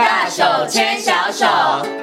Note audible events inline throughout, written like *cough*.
大手牽小手。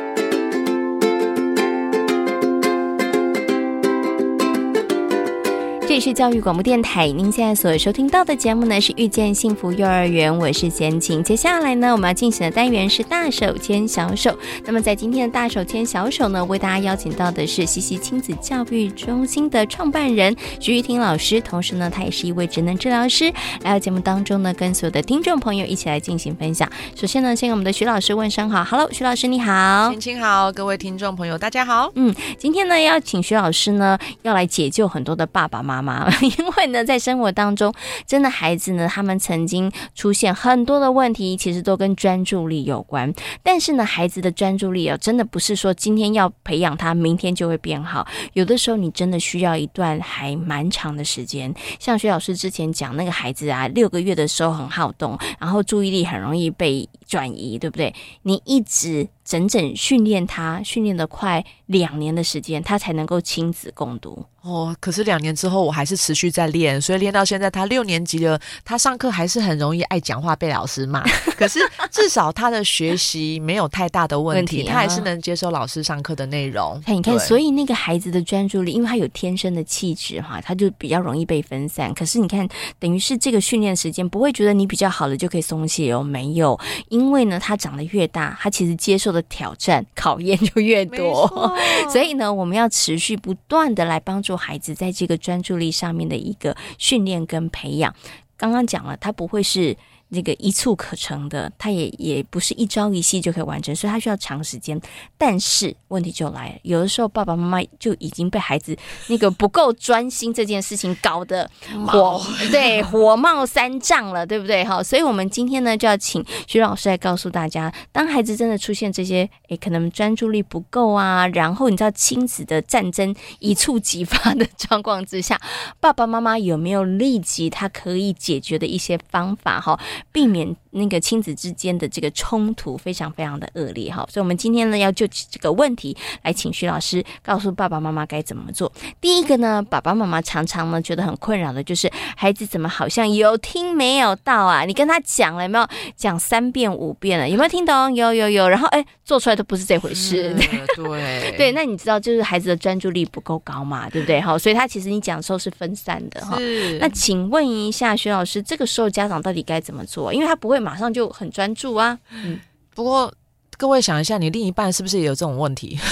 這是教育廣播電臺，您現在所收聽到的節目呢是遇見幸福幼兒園，我是賢青。接下來呢，我們要進行的單元是大手牽小手。那麼在今天的大手牽小手呢，為大家邀請到的是惜習親子教育中心的創辦人徐瑜亭老師，同時呢，她也是一位職能治療師，來到節目當中呢，跟所有的聽眾朋友一起來進行分享。首先呢，先給我們的徐老師問聲好，Hello，徐老師你好，賢青好，各位聽眾朋友大家好，嗯，今天呢要請徐老師呢要來解救很多的爸爸媽媽。因為呢，在生活當中，真的孩子呢，他們曾經出現很多的問題，其實都跟專注力有關。但是呢，孩子的專注力啊、哦，真的不是說今天要培養他，明天就會變好。有的時候，你真的需要一段還蠻長的時間。像徐老師之前講那個孩子啊，六個月的時候很好動，然後注意力很容易被轉移，對不對？你一直。整整訓練他，訓練的快兩年的時間，他才能夠親子共讀哦。可是兩年之後，我還是持續在練，所以練到現在，他六年級了，他上課還是很容易愛講話，被老師罵。 *laughs* 可是至少他的學習沒有太大的問題，問題啊、他還是能接受老師上課的內容。你看，對所以那個孩子的專注力，因為他有天生的氣質哈，他就比較容易被分散。可是你看，等於是這個訓練時間，不會覺得你比較好了就可以鬆懈哦。沒有，因為呢，他長得越大，他其實接受。挑戰考驗就越多，沒錯。所以呢，我們要持續不斷的來幫助孩子在這個專注力上面的一個訓練跟培養。剛剛講了，他不會是。那個一蹴可成的，他也也不是一朝一夕就可以完成，所以他需要長時間。但是問題就來了，有的時候爸爸媽媽就已經被孩子那個不夠專心這件事情搞得火，毛對，火冒三丈了，對不對哈？所以我們今天呢，就要請徐老師來告訴大家，當孩子真的出現這些，誒，可能專注力不夠啊，然後你知道親子的戰爭一觸即發的狀況之下，爸爸媽媽有沒有立即他可以解決的一些方法哈？避免那個親子之間的這個衝突非常非常的惡劣哈，所以，我們今天呢要就這個問題來請徐老師告訴爸爸媽媽該怎麼做。第一個呢，爸爸媽媽常常呢覺得很困擾的，就是孩子怎麼好像有聽沒有到啊？你跟他講了有沒有？講三遍五遍了，有沒有聽懂？有有有。然後，哎，做出來都不是這回事。對 *laughs* 對，那你知道就是孩子的專注力不夠高嘛，對不對？哈、哦，所以他其實你講的時候是分散的哈是、哦。那請問一下徐老師，這個時候家長到底該怎麼？做，因為他不會馬上就很專注啊。嗯，不過各位想一下，你另一半是不是也有這種問題？ *laughs*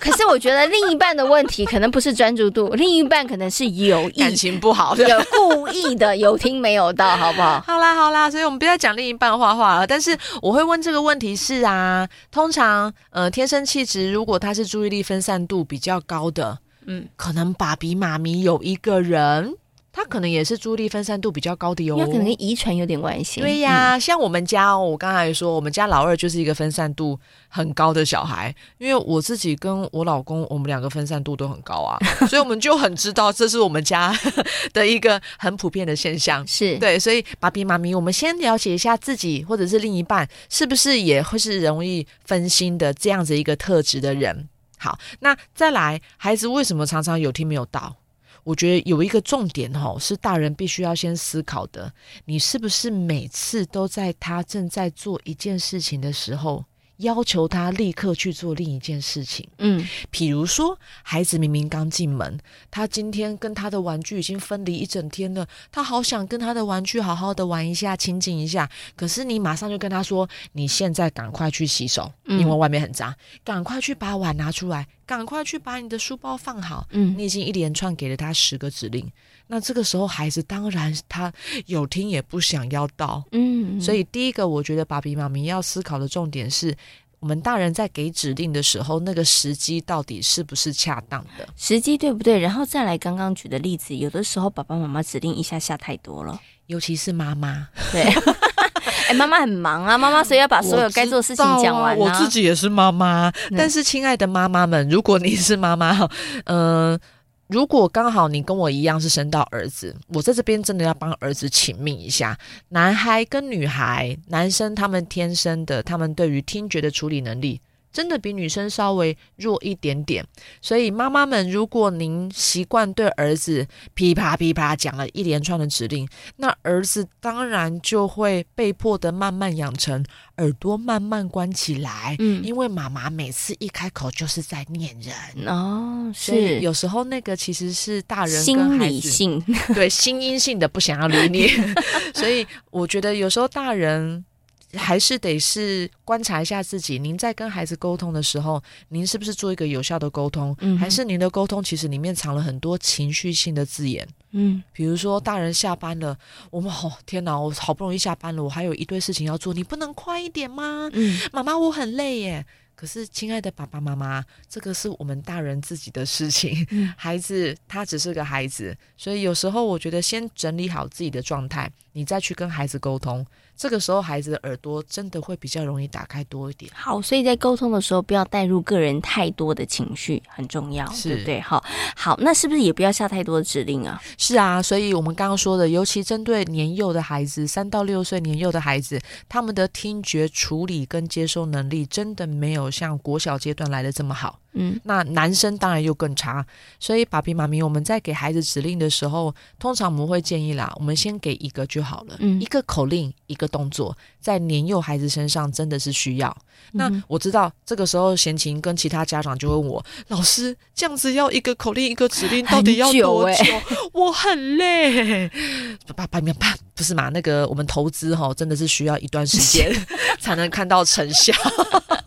可是我覺得另一半的問題可能不是專注度，另一半可能是有意感情不好的， *laughs* 有故意的，有聽沒有到，好不好？好啦，好啦，所以我們不要再講另一半壞話了。但是我會問這個問題是啊，通常呃，天生氣質如果他是注意力分散度比較高的，嗯，可能爸比媽咪有一個人。他可能也是注意力分散度比較高的哦，那可能跟遺傳有點關係。對呀、啊，像我們家哦，我剛才說我們家老二就是一個分散度很高的小孩，因為我自己跟我老公，我們兩個分散度都很高啊， *laughs* 所以我們就很知道這是我們家的一個很普遍的現象。是對，所以爸比媽咪，我們先了解一下自己或者是另一半是不是也會是容易分心的這樣子一個特質的人。嗯、好，那再來，孩子為什麼常常有聽沒有到？我覺得有一個重點吼，是大人必須要先思考的。你是不是每次都在他正在做一件事情的時候，要求他立刻去做另一件事情？嗯，譬如說，孩子明明剛進門，他今天跟他的玩具已經分離一整天了，他好想跟他的玩具好好的玩一下、親近一下，可是你馬上就跟他說：“你現在趕快去洗手，因為外面很髒，嗯，趕快去把碗拿出來。”趕快去把你的書包放好。嗯，你已經一連串給了他十個指令，嗯、那這個時候孩子當然他有聽也不想要到。嗯，嗯，所以第一個我覺得爸比媽咪要思考的重點是，我們大人在給指令的時候，那個時機到底是不是恰當的時機對不對？然後再來，剛剛舉的例子，有的時候爸爸媽媽指令一下下太多了，尤其是媽媽。對。 *laughs* 哎、欸，媽媽很忙啊，媽媽所以要把所有該做的事情講完啊。我知道啊。我自己也是媽媽，嗯、但是親愛的媽媽們，如果你是媽媽，嗯、呃，如果剛好你跟我一樣是生到兒子，我在這邊真的要幫兒子請命一下。男孩跟女孩，男生他們天生的，他們對於聽覺的處理能力，真的比女生稍微弱一點點，所以媽媽們，如果您習慣對兒子噼啪噼啪講了一連串的指令，那兒子當然就會被迫的慢慢養成耳朵慢慢關起來。嗯，因為媽媽每次一開口就是在念人哦，是，所以有時候那個其實是大人跟孩子，心理性，對，心陰性的不想要留念， *laughs* *laughs* 所以我覺得有時候大人。還是得是觀察一下自己。您在跟孩子溝通的時候，您是不是做一個有效的溝通？嗯、哼還是您的溝通其實裡面藏了很多情緒性的字眼？嗯，比如說大人下班了，我們好、哦、天哪，我好不容易下班了，我還有一堆事情要做，你不能快一點嗎？嗯，媽媽我很累耶。可是，親愛的爸爸媽媽，這個是我們大人自己的事情。嗯、孩子他只是個孩子，所以有時候我覺得先整理好自己的狀態，你再去跟孩子溝通。這個時候，孩子的耳朵真的會比較容易打開多一點。好，所以在溝通的時候，不要帶入個人太多的情緒，很重要，是對不對？好，好，那是不是也不要下太多的指令啊？是啊，所以我們剛剛說的，尤其針對年幼的孩子，三到六歲年幼的孩子，他們的聽覺處理跟接收能力，真的沒有像國小階段來的這麼好。嗯，那男生當然又更差，所以爸比、媽咪，我們在給孩子指令的時候，通常我們會建議啦，我們先給一個就好了，嗯、一個口令，一個動作，在年幼孩子身上真的是需要。嗯、那我知道這個時候，賢情跟其他家長就問我，老師這樣子要一個口令一個指令，到底要多久？很久欸，我很累，爸爸、媽媽，不是嘛？那個我們投資齁，真的是需要一段時間才能看到成效。 *laughs*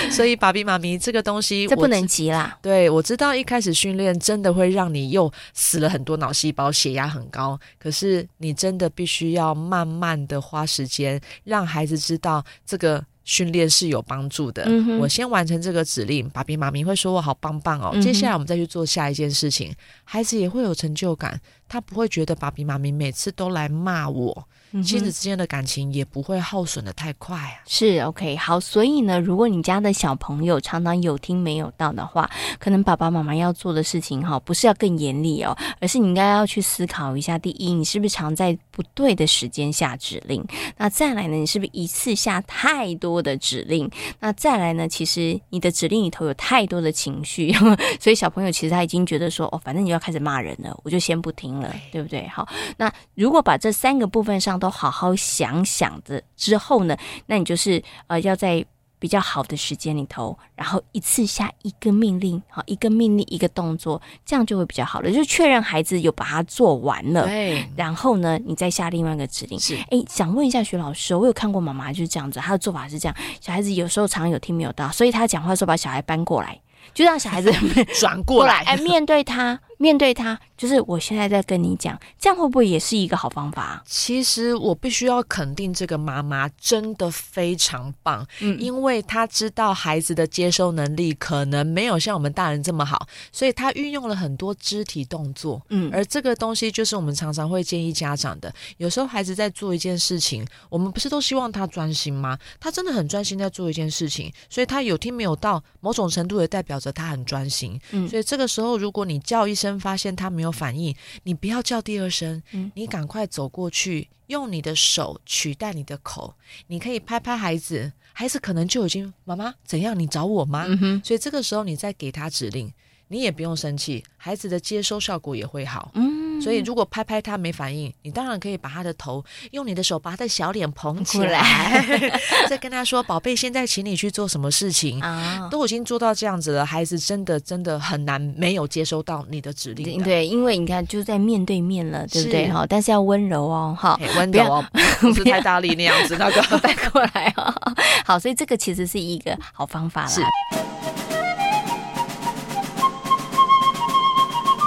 *laughs* 所以，爸比媽咪這個東西，這不能急啦。對，我知道一開始訓練真的會讓你又死了很多腦細胞，血壓很高。可是，你真的必須要慢慢的花時間，讓孩子知道這個訓練是有幫助的。嗯、哼我先完成這個指令，爸比媽咪會說我好棒棒哦。嗯、哼接下來我們再去做下一件事情，孩子也會有成就感。他不會覺得爸比媽咪每次都來罵我。親子之間的感情也不會耗損的太快啊。Mm hmm. 是 OK 好，所以呢，如果你家的小朋友常常有聽沒有到的話，可能爸爸媽媽要做的事情哈，不是要更嚴厲哦，而是你應該要去思考一下：第一，你是不是常在不對的時間下指令？那再來呢，你是不是一次下太多的指令？那再來呢，其實你的指令裡頭有太多的情緒， *laughs* 所以小朋友其實他已經覺得說：哦，反正你就要開始罵人了，我就先不聽了，對不對？好，那如果把這三個部分上。都好好想想的之後呢，那你就是呃，要在比較好的時間裡頭，然後一次下一個命令，好，一個命令一個動作，這樣就會比較好了。就確認孩子有把它做完了，對。然後呢，你再下另外一個指令。是。哎，想問一下徐老師，我有看過媽媽就是這樣子，她的做法是這樣，小孩子有時候常，常有聽沒有到，所以她講話的時候把小孩搬過來，就讓小孩子轉 *laughs* 過，過來，哎、呃，面對他。面對他，就是我現在在跟你講，這樣會不會也是一個好方法啊？其實我必須要肯定，這個媽媽真的非常棒，嗯，因為她知道孩子的接收能力可能沒有像我們大人這麼好，所以她運用了很多肢體動作，嗯，而這個東西就是我們常常會建議家長的。有時候孩子在做一件事情，我們不是都希望他專心嗎？他真的很專心在做一件事情，所以他有聽沒有到，某種程度也代表着他很專心。嗯，所以這個時候如果你叫一聲，發現他沒有反應，你不要叫第二聲，你趕快走過去，用你的手取代你的口，你可以拍拍孩子，孩子可能就已經媽媽怎樣，你找我嗎？嗯哼。所以這個時候你再給他指令，你也不用生氣，孩子的接收效果也會好。嗯。所以，如果拍拍他沒反應，你當然可以把他的頭，用你的手把他的小臉捧起來，過來 *laughs* 再跟他說：“寶貝，現在請你去做什麼事情啊？”哦、都已經做到這樣子了，孩子真的真的很難沒有接收到你的指令。對，因為你看就在面對面了，對不對？哈是，但是要溫柔哦，哈，溫柔哦，不，要不是太大力要那樣子，那個帶過來。哦。好，所以這個其實是一個好方法啦。是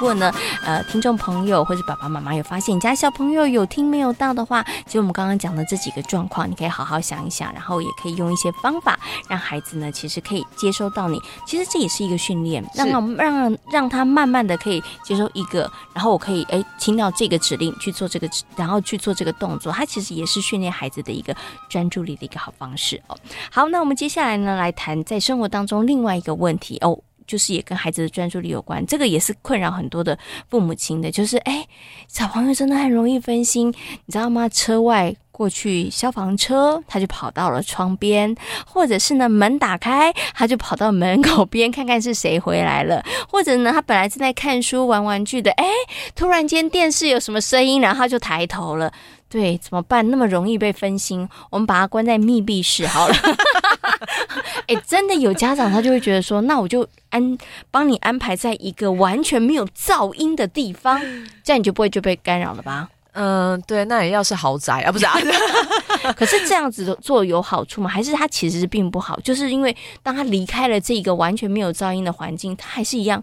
如果呢，呃，聽眾朋友或者爸爸媽媽有發現你家小朋友有聽沒有到的話，其實我們剛剛講的這幾個狀況，你可以好好想一想，然後也可以用一些方法讓孩子呢，其實可以接收到你。其實這也是一個訓練，是讓他讓讓他慢慢的可以接受一個，然後我可以哎聽到這個指令去做這個，然後去做這個動作，它其實也是訓練孩子的一個專注力的一個好方式哦。好，那我們接下來呢，來談在生活當中另外一個問題哦。就是也跟孩子的專注力有關，這個也是困擾很多的父母親的。就是，哎、欸，小朋友真的很容易分心，你知道嗎？車外過去消防車，他就跑到了窗邊；或者是呢，門打開，他就跑到門口邊看看是誰回來了；或者呢，他本來正在看書玩玩具的，哎、欸，突然間電視有什麼聲音，然後他就抬頭了。對，怎麼辦？那麼容易被分心，我們把他關在密閉室好了。 *laughs* 哎、欸，真的有家長他就會覺得說，那我就安幫你安排在一個完全沒有噪音的地方，這樣你就不會就被干擾了吧？嗯，對，那也要是豪宅啊，不是啊？ *laughs* *laughs* 可是這樣子做有好處嗎？還是他其實並不好？就是因為當他離開了這個完全沒有噪音的環境，他還是一樣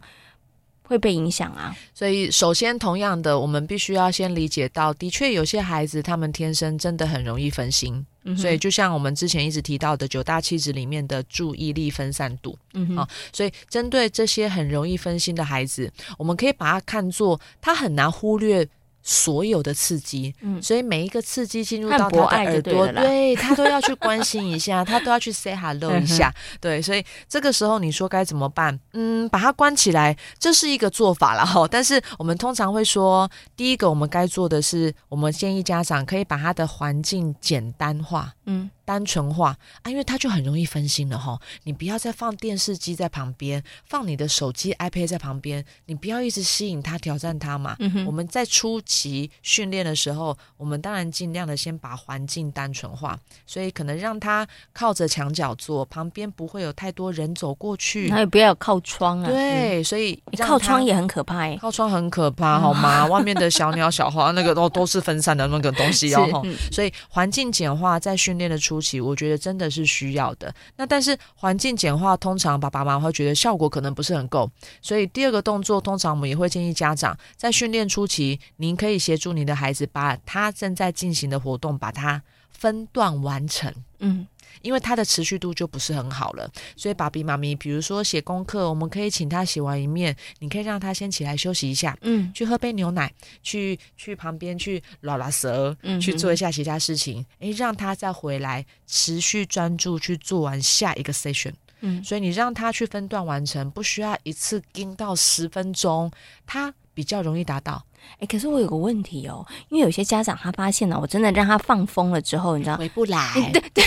會被影響啊。所以，首先，同樣的，我們必須要先理解到，的確有些孩子他們天生真的很容易分心。所以，就像我們之前一直提到的九大氣質裡面的注意力分散度，嗯哼，啊，所以針對這些很容易分心的孩子，我們可以把它看作他很難忽略。所有的刺激，嗯、所以每一個刺激進入到他的耳朵，對， *laughs* 對他都要去關心一下， *laughs* 他都要去 say hello 一下。嗯、哼對，所以這個時候你說該怎麼辦？嗯，把它關起來，這是一個做法了哈。但是我們通常會說，第一個我們該做的是，我們建議家長可以把他的環境簡單化，嗯。單純化啊，因為他就很容易分心了哈。你不要再放電視機在旁邊，放你的手機、iPad 在旁邊，你不要一直吸引他、挑戰他嘛。嗯、哼我們在初期訓練的時候，我們當然盡量的先把環境單純化，所以可能讓他靠着牆角坐，旁邊不會有太多人走過去。還有、嗯、不要有靠窗啊。對，所以靠窗也很可怕哎、欸。靠窗很可怕，好嗎？外面的小鳥、小花， *laughs* 那個都都是分散的那個東西吼，哦是。所以環境簡化，在訓練的初期。初期我覺得真的是需要的，那但是環境簡化，通常爸爸媽媽會覺得效果可能不是很夠，所以第二個動作通常我們也會建議家長在訓練初期，您可以協助你的孩子把他正在進行的活動把它分段完成，嗯。因為他的持續度就不是很好了，所以爸比媽咪，比如說寫功課，我們可以請他寫完一面，你可以讓他先起來休息一下，嗯，去喝杯牛奶，去去旁邊去拉拉舌，嗯哼，去做一下其他事情。哎，讓他再回來持續專注去做完下一個 session，嗯，所以你讓他去分段完成，不需要一次盯到十分鐘，他比較容易達到。哎、欸，可是我有個問題哦，因為有些家長他發現了，我真的讓他放風了之後，你知道回不來，對。對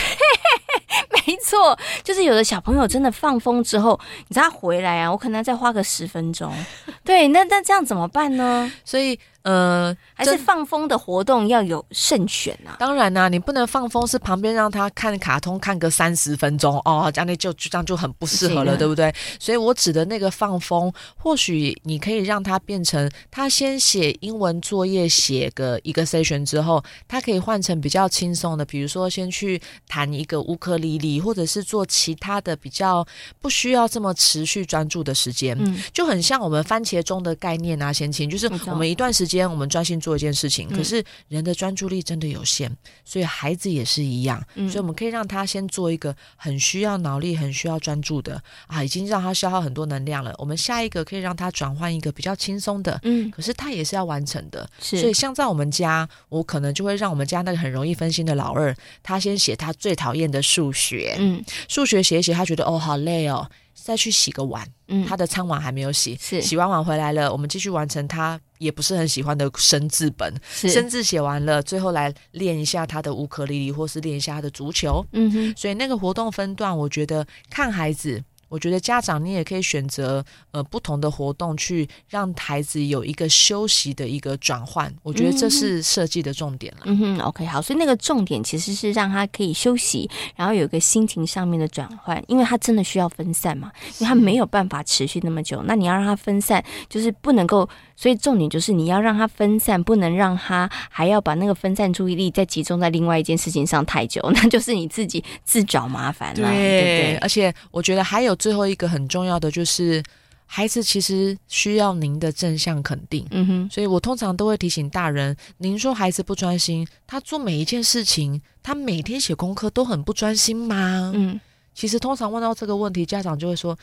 錯，就是有的小朋友真的放風之後，你知道他回來啊，我可能還再花個十分鐘。 *laughs* 對，那那這樣怎麼辦呢？所以。嗯，還是放風的活動要有慎選吶、啊。當然啦、啊，你不能放風，是旁邊讓他看卡通看個三十分鐘哦，這樣那就，就這樣就很不適合了，的對不對？所以我指的那個放風，或許你可以讓他變成他先寫英文作業，寫個一個 section 之後，他可以換成比較輕鬆的，比如說先去彈一個烏克麗麗，或者是做其他的比較不需要這麼持續專注的時間，嗯，就很像我們番茄鐘的概念啊，先請，就是我們一段時間，間我們專心做一件事情，可是人的專注力真的有限，嗯、所以孩子也是一樣。所以我們可以讓他先做一個很需要腦力、很需要專注的啊，已經讓他消耗很多能量了。我們下一個可以讓他轉換一個比較輕鬆的，嗯，可是他也是要完成的。是所以像在我們家，我可能就會讓我們家那個很容易分心的老二，他先寫他最討厭的數學，嗯，數學寫一寫，他覺得哦好累哦。再去洗個碗，嗯，他的餐碗還沒有洗。是洗完碗回來了，我們繼續完成他也不是很喜歡的生字本，生字寫完了，最後來練一下他的烏克麗麗，或是練一下他的足球。嗯哼，所以那個活動分段，我覺得看孩子。我覺得家長你也可以選擇呃不同的活動去讓孩子有一個休息的一個轉換，我覺得這是設計的重點了、嗯。嗯哼，OK，好，所以那個重點其實是讓他可以休息，然後有一個心情上面的轉換，因為他真的需要分散嘛，因為他沒有辦法持續那麼久。是那你要讓他分散，就是不能夠，所以重點就是你要讓他分散，不能讓他還要把那個分散注意力再集中在另外一件事情上太久，那就是你自己自找麻煩了，對，對不對？而且我覺得還有。最後一個很重要的就是，孩子其實需要您的正向肯定。嗯哼，所以我通常都會提醒大人，您說孩子不專心，他做每一件事情，他每天寫功課都很不專心嗎？嗯，其實通常問到這個問題，家長就會說。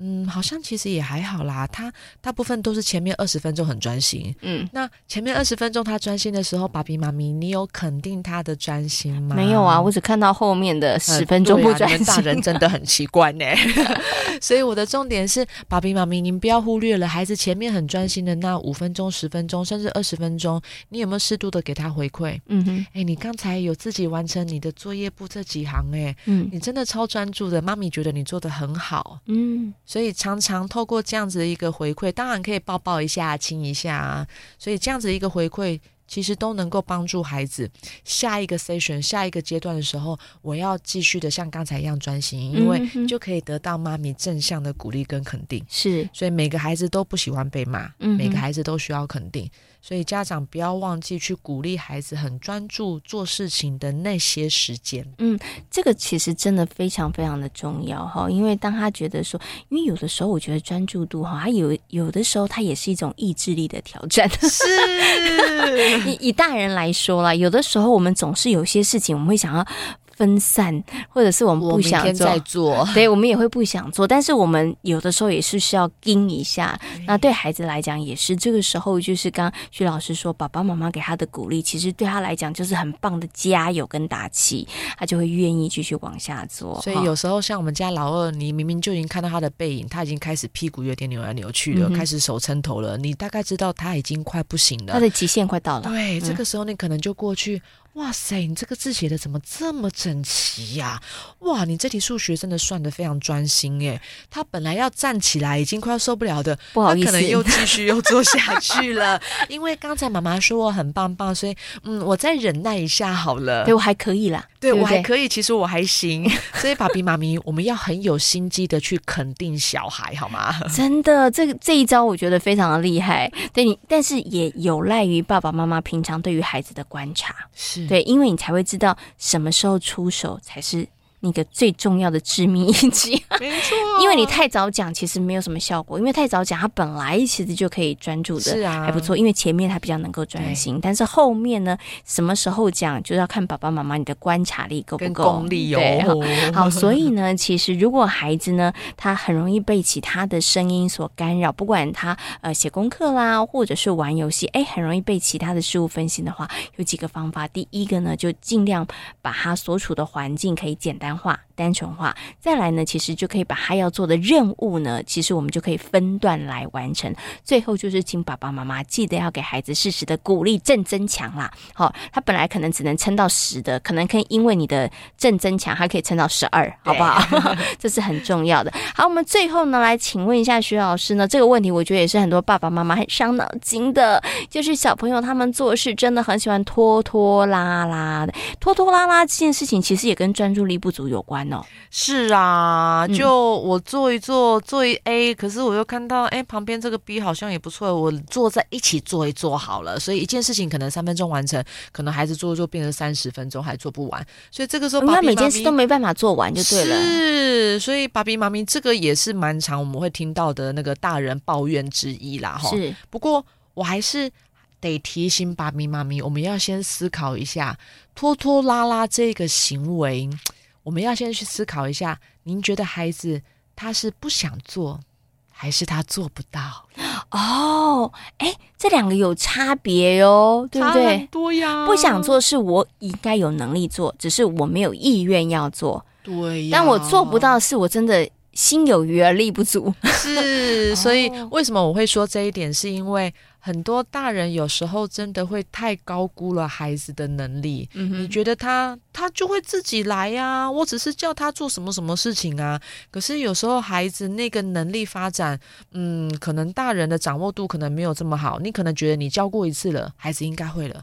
嗯，好像其實也還好啦。他大部分都是前面二十分鐘很專心。嗯，那前面二十分鐘他專心的時候，爸比媽咪，你有肯定他的專心嗎？沒有啊，我只看到後面的十分鐘不專心。呃啊、你們大人真的很奇怪呢。 *laughs* 所以我的重點是，爸比媽咪，你們不要忽略了孩子前面很專心的那五分鐘、十分鐘，甚至二十分鐘。你有沒有適度的給他回饋？嗯哼，哎、欸，你剛才有自己完成你的作業簿這幾行，哎，嗯，你真的超專注的，媽咪覺得你做得很好，嗯。所以常常透過這樣子的一個回饋，當然可以抱抱一下、親一下啊。所以這樣子一個回饋，其實都能夠幫助孩子下一個 session、下一個階段的時候，我要繼續的像剛才一樣專心，因為就可以得到媽咪正向的鼓勵跟肯定。是、嗯哼，所以每個孩子都不喜歡被罵，嗯哼，每個孩子都需要肯定。所以家長不要忘記去鼓勵孩子，很專注做事情的那些時間。嗯，這個其實真的非常非常的重要哈，因為當他覺得說，因為有的時候我覺得專注度哈，他有有的時候他也是一種意志力的挑戰。是， *laughs* 以以大人來說啦，有的時候我們總是有些事情我們會想要。分散或者是我們不想做，我明天再做對，我們也會不想做。 *laughs* 但是我們有的時候也是需要盯一下。對，那對孩子來講，也是這個時候，就是剛徐老師說，爸爸媽媽給他的鼓勵，其實對他來講就是很棒的加油跟打氣，他就會願意繼續往下做。所以有時候像我們家老二，你明明就已經看到他的背影，他已經開始屁股有點扭來扭去了，嗯、哼開始手撐頭了，你大概知道他已經快不行了，他的極限快到了。對，這個時候你可能就過去。嗯哇塞，你這個字寫的怎麼這麼整齊呀？哇，你這題數學真的算得非常專心耶。他本來要站起來，已經快要受不了的，不好意思，可能又繼續又坐下去了。 *laughs* 因為剛才媽媽說我很棒棒，所以嗯，我再忍耐一下好了。對，我還可以啦，對，對，對我還可以，其實我還行。 *laughs* 所以爸比媽咪，我們要很有心機的去肯定小孩好嗎？真的，這個這一招我覺得非常的厲害。對你，但是也有賴於爸爸媽媽平常對於孩子的觀察。是。對，因為你才會知道什麼時候出手才是，那個最重要的致命一擊。啊，沒錯啊，因為你太早講，其實沒有什麼效果，因為太早講，他本來其實就可以專注的，還不錯，因為前面他比較能夠專心，是啊，但是後面呢，什麼時候講，就是，要看爸爸媽媽你的觀察力夠不夠，功力有好，好 *laughs* 所以呢，其實如果孩子呢，他很容易被其他的聲音所干擾，不管他呃寫功課啦，或者是玩遊戲，哎，欸，很容易被其他的事物分心的話，有幾個方法，第一個呢，就儘量把他所處的環境可以簡單化。化、單純化，再來呢，其實就可以把他要做的任務呢，其實我們就可以分段來完成。最後就是，請爸爸媽媽記得要給孩子適時的鼓勵正增強啦。好、哦，他本來可能只能撐到十的，可能可以因為你的正增強，還可以撐到十二，好不好？對 *laughs* 這是很重要的。好，我們最後呢，來請問一下徐老師呢這個問題，我覺得也是很多爸爸媽媽很傷腦筋的，就是小朋友他們做事真的很喜歡拖拖拉拉的，拖拖拉拉這件事情其實也跟專注力不足有關哦，是啊，就我做一做做一 A、嗯、可是我又看到哎、欸，旁邊這個 B 好像也不錯，我坐在一起做一做好了，所以一件事情可能三分鐘完成，可能孩子做一做變成三十分鐘還做不完，所以這個時候爸比媽咪、嗯、每件事都沒辦法做完就對了。是，所以爸比媽咪這個也是蠻常我們會聽到的那個大人抱怨之一啦。哈，是，不過我還是得提醒爸比媽咪，我們要先思考一下拖拖拉拉這個行為。我們要先去思考一下，您覺得孩子他是不想做，還是他做不到？哦，哎，這兩個有差別喲，哦，對不對？對呀，不想做是我應該有能力做，只是我沒有意願要做。對呀，但我做不到，是我真的心有餘而力不足。是， *laughs* 哦，所以為什麼我會說這一點？是因為。很多大人有時候真的會太高估了孩子的能力。嗯哼。你覺得他他就會自己來呀、啊？我只是叫他做什麼什麼事情啊？可是有時候孩子那個能力發展，嗯，可能大人的掌握度可能沒有這麼好。你可能覺得你教過一次了，孩子應該會了，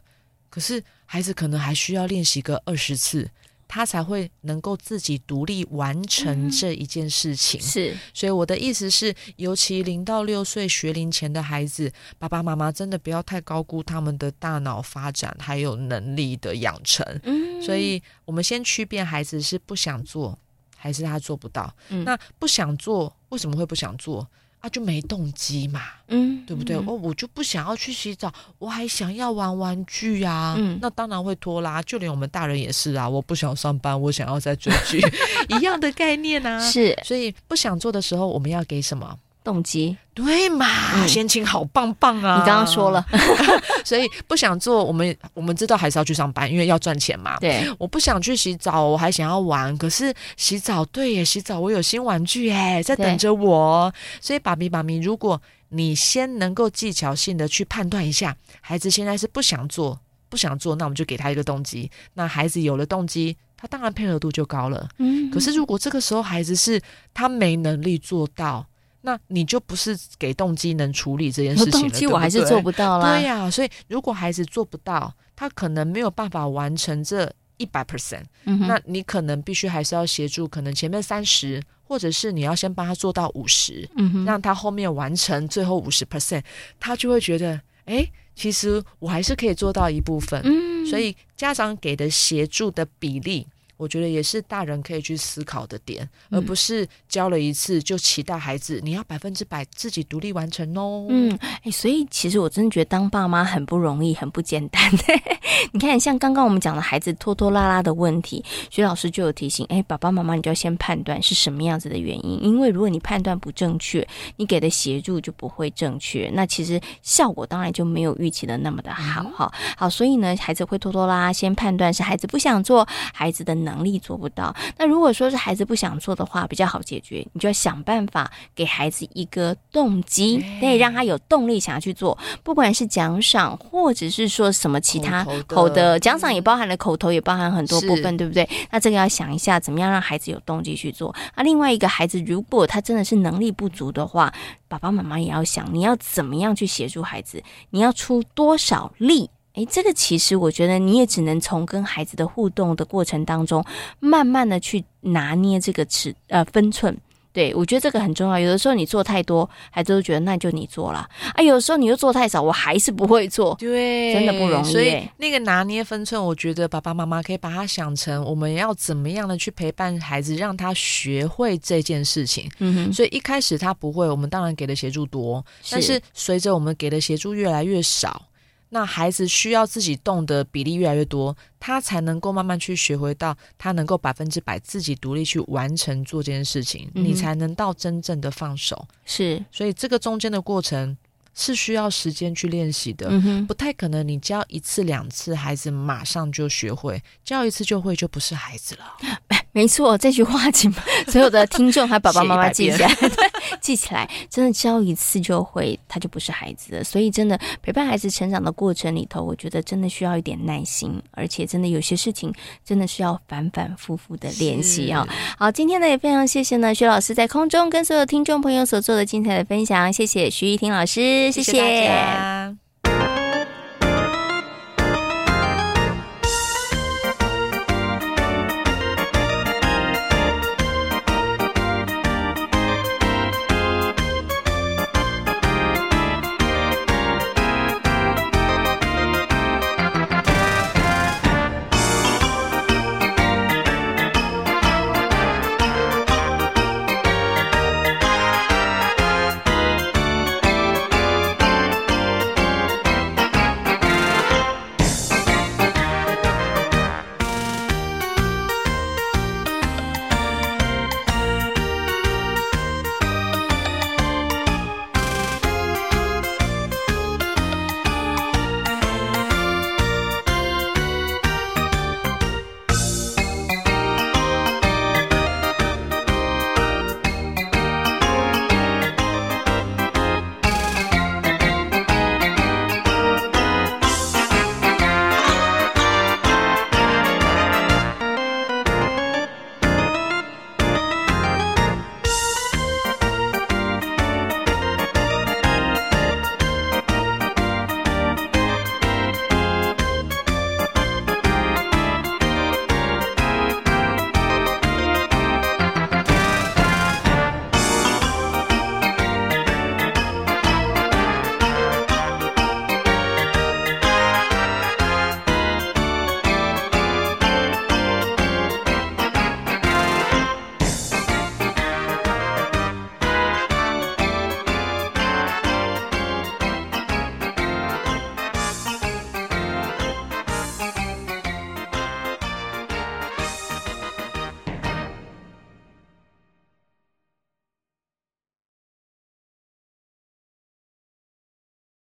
可是孩子可能還需要練習個二十次。他才會能夠自己獨立完成這一件事情。嗯，是，所以我的意思是，尤其零到六歲學齡前的孩子，爸爸媽媽真的不要太高估他們的大腦發展還有能力的養成。嗯，所以我們先區別孩子是不想做，還是他做不到。嗯，那不想做，為什麼會不想做？啊，就沒動機嘛，嗯，對不對？我、嗯、我就不想要去洗澡，我還想要玩玩具呀、啊。嗯、那當然會拖拉。就連我們大人也是啊，我不想上班，我想要再追劇， *laughs* *laughs* 一樣的概念啊。是，所以不想做的時候，我們要給什麼？動機對嘛？嗯、心情好棒棒啊！你剛剛說了， *laughs* *laughs* 所以不想做。我們我們知道還是要去上班，因為要賺錢嘛。對，我不想去洗澡，我還想要玩。可是洗澡，對耶，洗澡我有新玩具耶，在等着我。對所以，爸咪爸咪，如果你先能夠技巧性的去判斷一下，孩子現在是不想做，不想做，那我們就給他一個動機。那孩子有了動機，他當然配合度就高了。嗯、哼可是如果這個時候孩子是他沒能力做到。那你就不是給動機能處理這件事情了。我動機我還是做不到啦。對呀，啊，所以如果孩子做不到，他可能沒有辦法完成這一百 percent。嗯哼。那你可能必須還是要協助，可能前面三十，或者是你要先幫他做到五十。嗯哼。讓他後面完成最後五十 percent，他就會覺得，哎，其實我還是可以做到一部分。嗯。所以家長給的協助的比例，我覺得也是大人可以去思考的點，而不是教了一次就期待孩子你要百分之百自己獨立完成哦。嗯，哎、欸，所以其實我真的覺得當爸媽很不容易，很不簡單。 *laughs* 你看，像剛剛我們講的孩子拖拖拉拉的問題，徐老師就有提醒：哎、欸，爸爸媽媽，你就要先判斷是什麼樣子的原因，因為如果你判斷不正確，你給的協助就不會正確，那其實效果當然就沒有預期的那麼的好哈。嗯、好，所以呢，孩子會拖拖拉拉，先判斷是孩子不想做孩子的能，能力做不到，那如果說是孩子不想做的話，比較好解決，你就要想辦法給孩子一個動機，可以、欸、讓他有動力想要去做。不管是獎賞，或者是說什麼其他口、口的獎賞，也包含了口頭，嗯、也包含很多部分，是對不對？那這個要想一下，怎麼樣讓孩子有動機去做？那、啊、另外一個孩子，如果他真的是能力不足的話，爸爸媽媽也要想，你要怎麼樣去協助孩子？你要出多少力？哎，這個其實我覺得你也只能從跟孩子的互動的過程當中，慢慢的去拿捏這個尺，呃，分寸。對，我覺得這個很重要。有的時候你做太多，孩子都覺得那就你做了。啊，有的時候你又做太少，我還是不會做。對，真的不容易。所以那個拿捏分寸，我覺得爸爸媽媽可以把它想成，我們要怎麼樣的去陪伴孩子，讓他學會這件事情。嗯哼。所以一開始他不會，我們當然給的協助多，是。但是隨着我們給的協助越來越少。那孩子需要自己動的比例越來越多，他才能夠慢慢去學會到，他能夠百分之百自己獨立去完成做這件事情，嗯、你才能到真正的放手。是，所以這個中間的過程是需要時間去練習的，嗯、哼不太可能你教一次兩次，孩子馬上就學會，教一次就會就不是孩子了。沒錯，這句話請所有的聽眾和爸爸媽媽記下來一下。記起來，真的教一次就會，他就不是孩子了。所以真的陪伴孩子成長的過程裡頭，我覺得真的需要一點耐心，而且真的有些事情真的需要反反复复的練習哦是，好，今天呢也非常謝謝呢徐老師在空中跟所有聽眾朋友所做的精彩的分享，謝謝徐瑜亭老師，謝謝，謝謝大家。